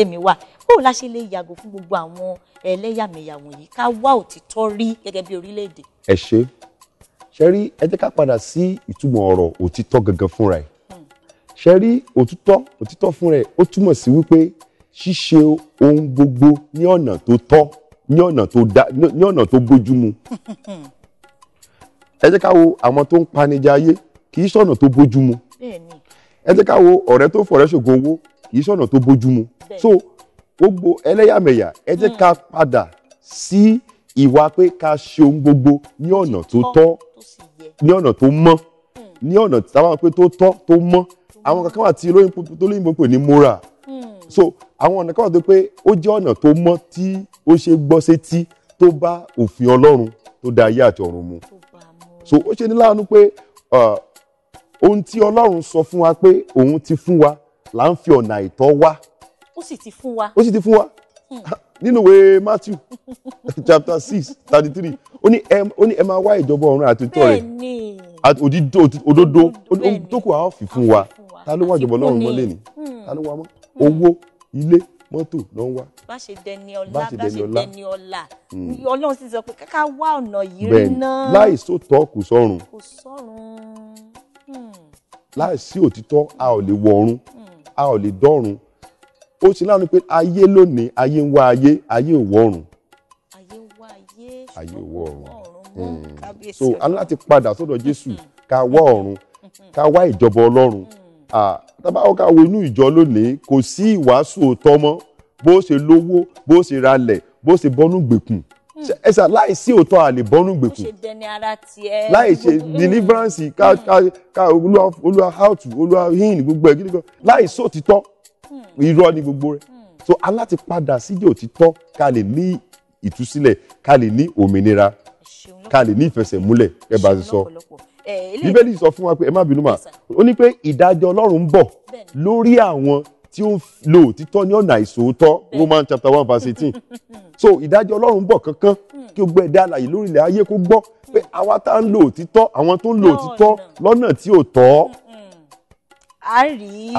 tèmi wà báwo la ṣe lè yàgò fún gbogbo àwọn ẹlẹ́yàmẹ̀yà wọ̀nyí ká wá òtítọ́ rí gẹ́gẹ́ bí orílẹ̀-èdè. ẹ ṣe ṣe rí ẹ jẹ́ ká padà sí ìtumọ̀ ọ̀rọ̀ òtítọ́ gangan fúnra ẹ̀ hmm. ṣe rí òtítọ́ òtítọ́ fúnra ẹ̀ ó túmọ̀ sí wípé ṣíṣe ohun gbogbo ní ọ̀nà tó tọ́ ní ọ̀nà tó dá ní ẹ jẹ́ ká wo àwọn tó ń panijà ayé kì í ṣọ̀nà tó bójúmu ẹ jẹ́ ká wo ọ̀rẹ́ tó fọ̀rẹ́ ṣògo owó kì í sọ̀nà tó bójúmu so gbogbo ẹlẹ́yàmẹ̀yà ẹ jẹ́ hmm. ká padà sí ìwà pé ká ṣe ohun gbogbo ní ọ̀nà tó tọ́ ní ọ̀nà tó mọ́ hmm. ní ọ̀nà táwọn pé tó tọ́ tó mọ́ hmm. àwọn kankan wà tí olóyìnbó pè ní moral so àwọn ọ̀nà kan wà tó pé ó jẹ́ ọ̀nà tó mọ́ tí ó ṣe gbọ́ sétí tó bá òfin ọlọ́run tó dá ayé àti ọ̀run mu so ó ṣe ní láàánú pé ohun tí ọlọ́run sọ fún wa pé òun ti fún wa là ń fi ọ̀nà àìtọ́ wá. ó sì ti fún wa. ó sì ti fún wa hmm. nínú ìwé matthew chapter six thirty three ó ní ẹ ó ní ẹ máa wá ìjọba ọ̀run àti òtítọ́ rẹ̀ àti òdìdó òdodo tókù àwọn fi fún wa ta ló wá ìjọba ọlọ́run mọ́ lẹ́ni hmm. ta ló wá mọ́ hmm. owó ilé mọ́tò ló ń wá. bá ṣe dẹni ọlá bá ṣe dẹni ọlá ọlọ́run sì sọ pé káká wá ọ̀nà yìí rí náà. bẹ́ẹ̀ láì sóòótọ́ kò sọ́run láì sí òtítọ́ a ò lè wọ ọ̀run a ò lè dọ́run ó ṣe láwọn pé ayé lónìí ayé ń wá ayé ayé ò wọ́run ayé ń wá ayé hmm. so aláti padà sọ́dọ̀ Jésù hmm. ká wá ọ̀run ká wá ìjọba Ọlọ́run hmm. tábàwọ́ ká wo inú ìjọ lónìí kò sí ìwàásù òótọ́ mọ́ bó ṣe lówó bó ṣe ralẹ̀ bó ṣe bọ́nú gbèkùn Hmm. ẹ sà láì sí òótọ́ àlè bọ́nú gbèkú láì ṣe hmm. deliverance ká hmm. ká ká olúwa olúwa how to olúwa hin gbogbo ẹ̀ gidi gan láì sí òtítọ́ irọ́ ni gbogbo rẹ̀ so aláti padà sídìí òtítọ́ ká lè ní ìtúsílẹ̀ ká lè ní òmìnira ká lè ní ìfẹsẹ̀múlẹ̀ ẹ bá ti sọ bíbélì sọ fún wa pé ẹ má bínú mà ó ní pé ìdájọ́ ọlọ́run ń bọ̀ lórí àwọn tí ó lo òtítọ́ ní ọ̀nà àìsòótọ́ Roman chapter one verse eighteen so ìdájọ́ ọlọ́run bọ̀ kankan kí o gbọ́ ẹ̀dá alààyè lórílẹ̀ ayé kó gbọ́ pé àwa tá ń lo òtítọ́ àwọn tó ń lo òtítọ́ lọ́nà tí ò tọ́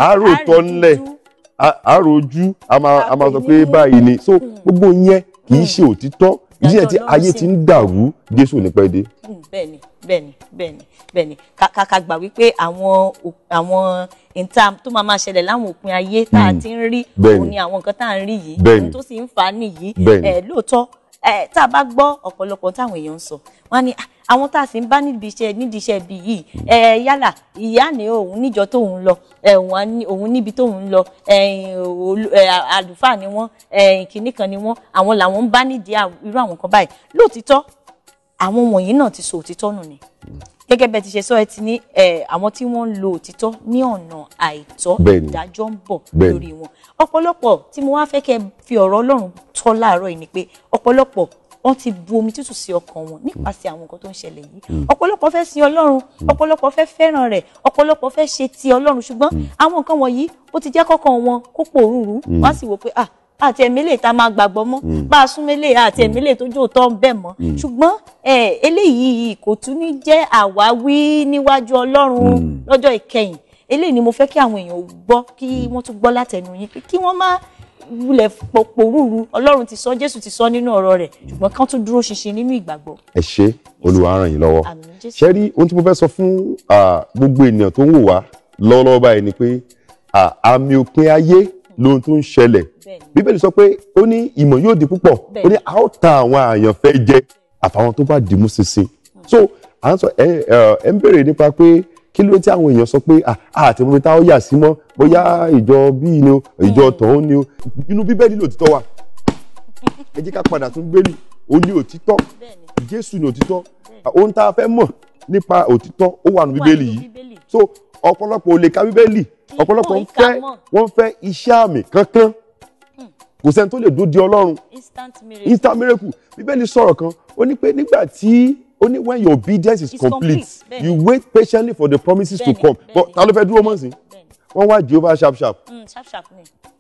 àròtọ́ ńlẹ̀ àròjú a máa sọ pé báyìí ni so mm. gbogbo yẹn kì í ṣe mm. òtítọ́ díẹ̀ tí ayé ti ń dàrú jésù ní pẹ́ dé. Hmm, bẹ́ẹ̀ni bẹ́ẹ̀ni bẹ́ẹ̀ni bẹ́ẹ̀ni kàkà gbà wípé àwọn àwọn nta tó máa máa ṣẹlẹ̀ láwọn òpin ayé tá a hmm, ti ń rí òun ni àwọn nǹkan tá a ń rí yìí ohun tó sì ń fà á nìyí lóòótọ́ tá a bá gbọ́ ọ̀pọ̀lọpọ̀ táwọn èèyàn ń sọ wọ́n ni ah, àwọn tá a sì ń bá nídìí iṣẹ́ nídìí iṣẹ́ bí yìí yálà ìyá ni òun níjọ tóun lọ òun níbi tóun lọ àlùfáà ni wọ́n kìnnì kan ni wọ́n àwọn làwọn ń bá nídìí irú àwọn kan báyìí lóòtítọ́ àwọn wọ̀nyí náà ti sọ òtítọ́ nù ni gẹ́gẹ́ bẹ́ẹ̀ ti ṣe sọ ẹ ti ní àwọn tí wọ́n ń lo òtítọ́ ní ọ̀nà àìtọ́ ìdájọ́ ń bọ̀ lórí wọn ọ̀pọ̀lọpọ̀ tí mo wá fẹ́ kẹ́ fi ọ̀rọ̀ Ọlọ́run tọ́ láàárọ̀ yìí ni pé ọ̀pọ̀lọpọ̀ wọ́n ti bu omi tútù sí ọkàn wọn nípasẹ̀ àwọn nǹkan tó ń ṣẹlẹ̀ yìí mm. ọ̀pọ̀lọpọ̀ fẹ́ sin ọlọ́run mm. ọ̀pọ̀lọpọ̀ fẹ́ fẹ́ràn rẹ̀ ọ̀pọ̀lọpọ̀ fẹ́ ṣe ti ọlọ́run ṣùgbọ́n mm. àwọn nǹkan wọ̀nyí ó ti jẹ́ kọ́kàn wọn kó pòrúurú wọ́n á sì wò pé ah àti ẹ̀mílẹ̀ tá a máa gbàgbọ́ mọ́ bá a sún mélé àti ẹ̀mílẹ̀ tó jò tọ́ ń bẹ̀ mọ́ ṣùgbọ́n eléyìí kò tún ní jẹ́ àwáwí níwájú ọlọ́run lọ́jọ́ ìkẹyìn eléyìí ni mo fẹ́ kí àwọn èèyàn gbọ́ kí wọ́n tún gbọ́ látẹnu yín kí wọ́n má wulẹ̀ pòpò rúru ọlọ́run ti sọ jésù ti sọ nínú ọ̀rọ̀ rẹ̀ ṣùgbọ́n kán tún dúró ṣinṣin nínú ìgbàgbọ́. ẹ ṣé olúwa ràn yín lọ́wọ́ ṣe rí ohun tí mo fẹ́ sọ fún gbogbo ènìyàn tó ń wò wá lọ́wọ́lọ́wọ́ báyìí ni pé àmì òpin ayé lohun tó ń ṣẹlẹ̀ bíbélì sọ pé ó ní ìmọ̀ yóò di púpọ̀ ó ní a ó ta àwọn àyànfẹ́ jẹ àfàwọn tó bá dìímú ṣinṣin hmm. so à ń sọ ẹ ń béèrè nípa pé kí ló tí àwọn èèyàn sọ pé àti ah, mo fi tá ó yà sí mọ́ bóyá ìjọ bíi ni o ìjọ hmm. tọ̀hún ni o inú bíbélì lòtítọ́ wà ẹ jẹ́ ká padà tún bíbélì ó ní òtítọ́ jésù ní òtítọ́ ohun tá a fẹ́ mọ̀ nípa òtítọ́ ó wà nù bíbélì yìí so ọ̀pọ̀lọpọ̀ ò lè ka bíbélì ọ̀pọ̀lọpọ̀ ń fẹ́ wọ́n fẹ́ iṣẹ́ àmì kankan hmm. kò sẹ́ni tó lè dúró di ọlọ́run instant miracle bíbélì sọ̀rọ̀ kan ó ní pé nígbà tí only when your obedience is complete, complete. you wait patiently for the promises ben, to come ben, but ta ló fẹ́ dúró mọ́ sí wọ́n wá jehovah sharp sharp mm,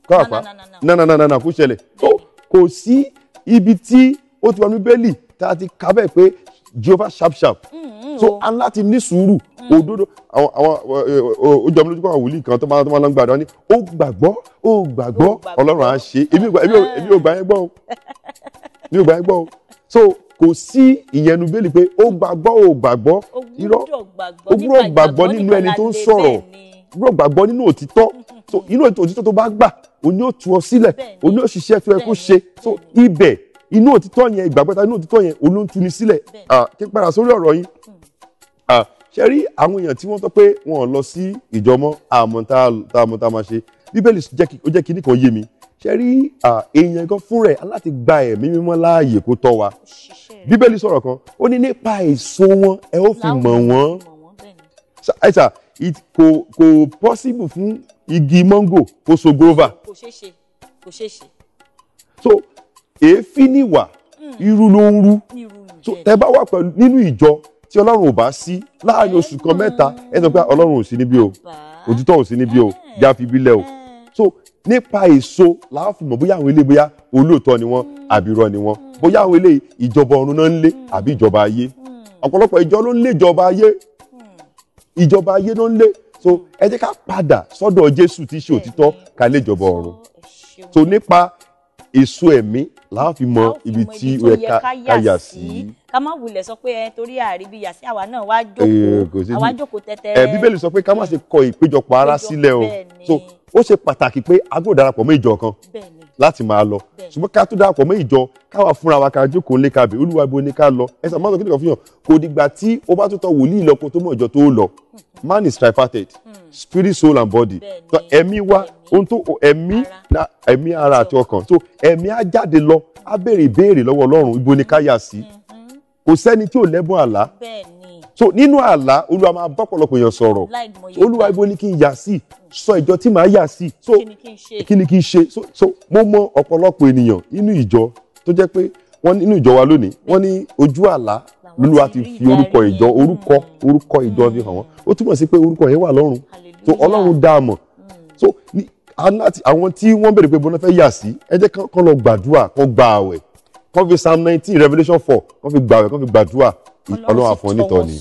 kọ́ àpá nananana kó ṣẹlẹ̀ tó kò sí ibi tí ó ti wà ní bẹ́ẹ̀lì tá a ti kábẹ̀ pé jehovah sharp sharp mm, so mm, a ń láti ní sùúrù òdodo àwọn àwọn ojú eh, eh, ọmọ lójú kọ́ àwọn wòlíì kan tó máa tó máa lọ ń gbàdúrà ni ó gbàgbọ́ ó gbàgbọ́ ọlọ́run á ṣe èmi ò gbà yẹn gbọ́ o èmi ò gbà yẹn gbọ́ o so kò sí ìyẹnu bẹ́ẹ̀lì pé ó gbàgbọ́ ò gbàgbọ́ irọ́ ó gbúrọ̀ gbàgbọ́ nínú ẹni tó ń sọ̀rọ̀ gbúrọ̀ gbàgbọ́ nínú òtítọ́ so inú òtítọ́ tó bá gbà òun yóò tú ọ sílẹ̀ òun yóò ṣiṣẹ́ tó yẹ kó ṣe so ibẹ̀ inú òtítọ́ yẹn ìgbàgbọ́ta inú òtítọ́ yẹn òun ló ń tuni sílẹ̀ kí n padà sórí ọ̀rọ̀ yín hmm. ṣe rí àwọn èèyàn tí wọ́n tọ́ pé wọ́n lọ sí ìjọmọ́ àmọ́ tá a máa ṣe bíbélì ó jẹ́ kíní kan yé mi ṣe rí èèyàn gan fún rẹ̀ aláti gba ẹ̀mí mímọ́ láàyè kó tọ́ wa bíbélì sọ̀rọ̀ kan ó ní nípa èso wọn ẹ ó fi mọ̀ wọ́n àìsà kò kò possible fún igi mango kó so guava. kò ṣeé ṣe kò ṣeé ṣe. so èéfín níwà hmm. irú ló ń rú so tẹ bá wà pẹ̀lú nínú ìjọ tí ọlọ́run ò bá sí láàárín oṣù kan mẹ́ta ẹ sọ pé ọlọ́run ò sí níbí o òtítọ́ ò sí níbí o jáfi bílẹ̀ o so nípa èso làá fi mọ̀ bóyá àwọn ilé bóyá olóòótọ́ ni wọ́n àbírọ́ ni wọ́n bóyá àwọn ilé ìjọba ọ̀run náà ń lé àbí ìjọba ayé ọ̀pọ̀lọpọ̀ ìjọ ló ń lé ìjọba ayé ìjọba ayé ló ń lé so ẹ jẹ́ ká padà sọ́dọ̀ Jésù tí í ṣe òtítọ́ ká lé ìjọba ọ̀run so nípa èso ẹ̀mí làá fi mọ̀ ibi tí ó yẹ ká yà sí ká má wulẹ̀ sọ pé ẹ torí àríbí yàsí àwa náà wá jókòó eh, àwa jókòó tẹ́tẹ́rẹ́. ẹ eh, bíbélì sọ pé ká má ṣe kọ ìpéjọpọ̀ ara sílẹ̀ o so ó ṣe pàtàkì pé a gbọ́dọ̀ darapọ̀ mọ́ ìjọ kan láti máa lọ ṣùgbọ́n ká tó darapọ̀ mọ́ ìjọ káwa fúnra wa ká jókòó lé ká bẹ̀ olúwa ibo ni ká lọ ẹsẹ̀ máa ń sọ kí nìkan fi hàn kò dìgbà tí o bá tó tọ wòlíì lọ kó tó mọ̀ ìjọ tó lọ hmm. man is tripartite hmm. spirit soul and body so ẹ̀mí wa ohun tó oh, ẹ̀mí ẹ̀mí ara àti ọkàn so ẹ̀mí á jáde lọ á béèrè ìbéèrè lọ́wọ́ ọlọ́run ibo ni ká yà sí mm-hmm. kò sẹ́ni tí ò lẹ́bùn àlá so nínú àlá olúwa máa bá ọ̀pọ̀lọpọ̀ èèyàn sọ̀rọ̀ olúwa ibo ni kí n yà sí sọ ìjọ tí màá yà sí so kí ni kí n ṣe so mo mọ ọ̀pọ̀lọpọ̀ ènìyàn nínú ìjọ tó jẹ́ pé wọ́n nínú ìjọ wa lónìí wọ́n ní ojú àlá lolúwa ti fi orúkọ ìjọ orúkọ orúkọ ìjọ fi hàn wọ́n ó túmọ̀ sí pé orúkọ yẹn wà lọ́run so ọlọ́run dá a mọ̀ hmm. so àwọn tí wọ́n béèrè pé bọ́lá fẹ́ yà sí ẹ jẹ́ kán lọ gbàdúrà kán gba àwẹ̀ kán fi psalm nineteen revelation four kán fi gbàwẹ̀ kán fi gbàdúrà ọlọ́run àfọ̀nítọ́ ni.